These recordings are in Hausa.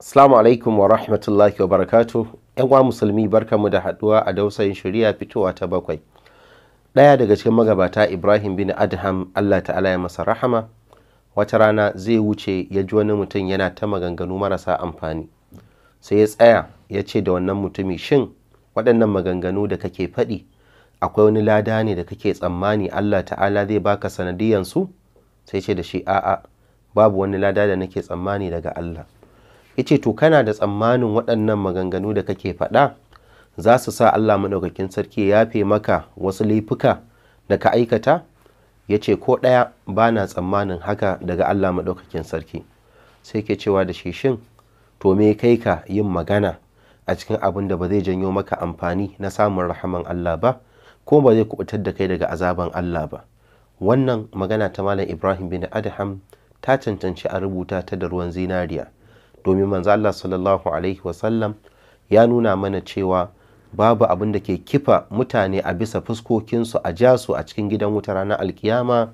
Assalamu alaikum wa rahmatullahi wa barakatu. ‘Yan wa musulmi barkamu da haɗuwa a dausayin shari'a fitowa ta bakwai. Ɗaya daga cikin magabata Ibrahim bin Adham Allah ta'ala ya masa rahama wata rana zai wuce ya ji wani mutum yana ta maganganu marasa amfani. Sai ya tsaya ya ce da wannan mutumi shin waɗannan maganganu da kake faɗi akwai wani lada ne da kake tsammani Allah ta'ala zai baka sanadiyansu? Sai ce da shi a'a babu wani lada da nake tsammani daga Allah. ya ce to kana da tsammanin waɗannan maganganu da kake faɗa za su sa Allah maɗaukakin sarki ya yafe maka wasu laifuka da ka aikata ya ce ko ɗaya ba na tsammanin haka daga Allah maɗaukakin sarki sai ke cewa da shishin? to me kai ka yin magana a cikin abin da ba zai janyo maka amfani na samun rahaman Allah ba ko ba zai kubutar da kai daga azaban Allah ba wannan magana ta malam Ibrahim bin Adham ta cancanci a rubuta ta da ruwan zinariya domin manzo Allah sallallahu alaihi wasallam ya nuna mana cewa babu abin da ke kifa mutane a bisa fuskokinsu a jasu a cikin gidan wuta ranar alkiyama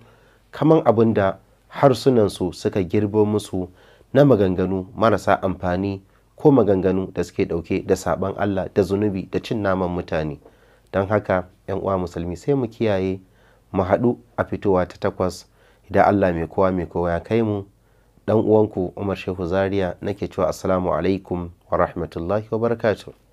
kaman abin da harsunansu suka girbo musu na maganganu marasa amfani ko maganganu da suke ɗauke da saban Allah da zunubi da cin naman mutane don haka 'yan uwa musulmi sai mu kiyaye mu haɗu a fitowa ta takwas idan Allah mai kowa mai kowa ya kai mu dan uwanku Umar Shehu Zaria nake cewa assalamu alaikum wa rahmatullahi wa barakatuh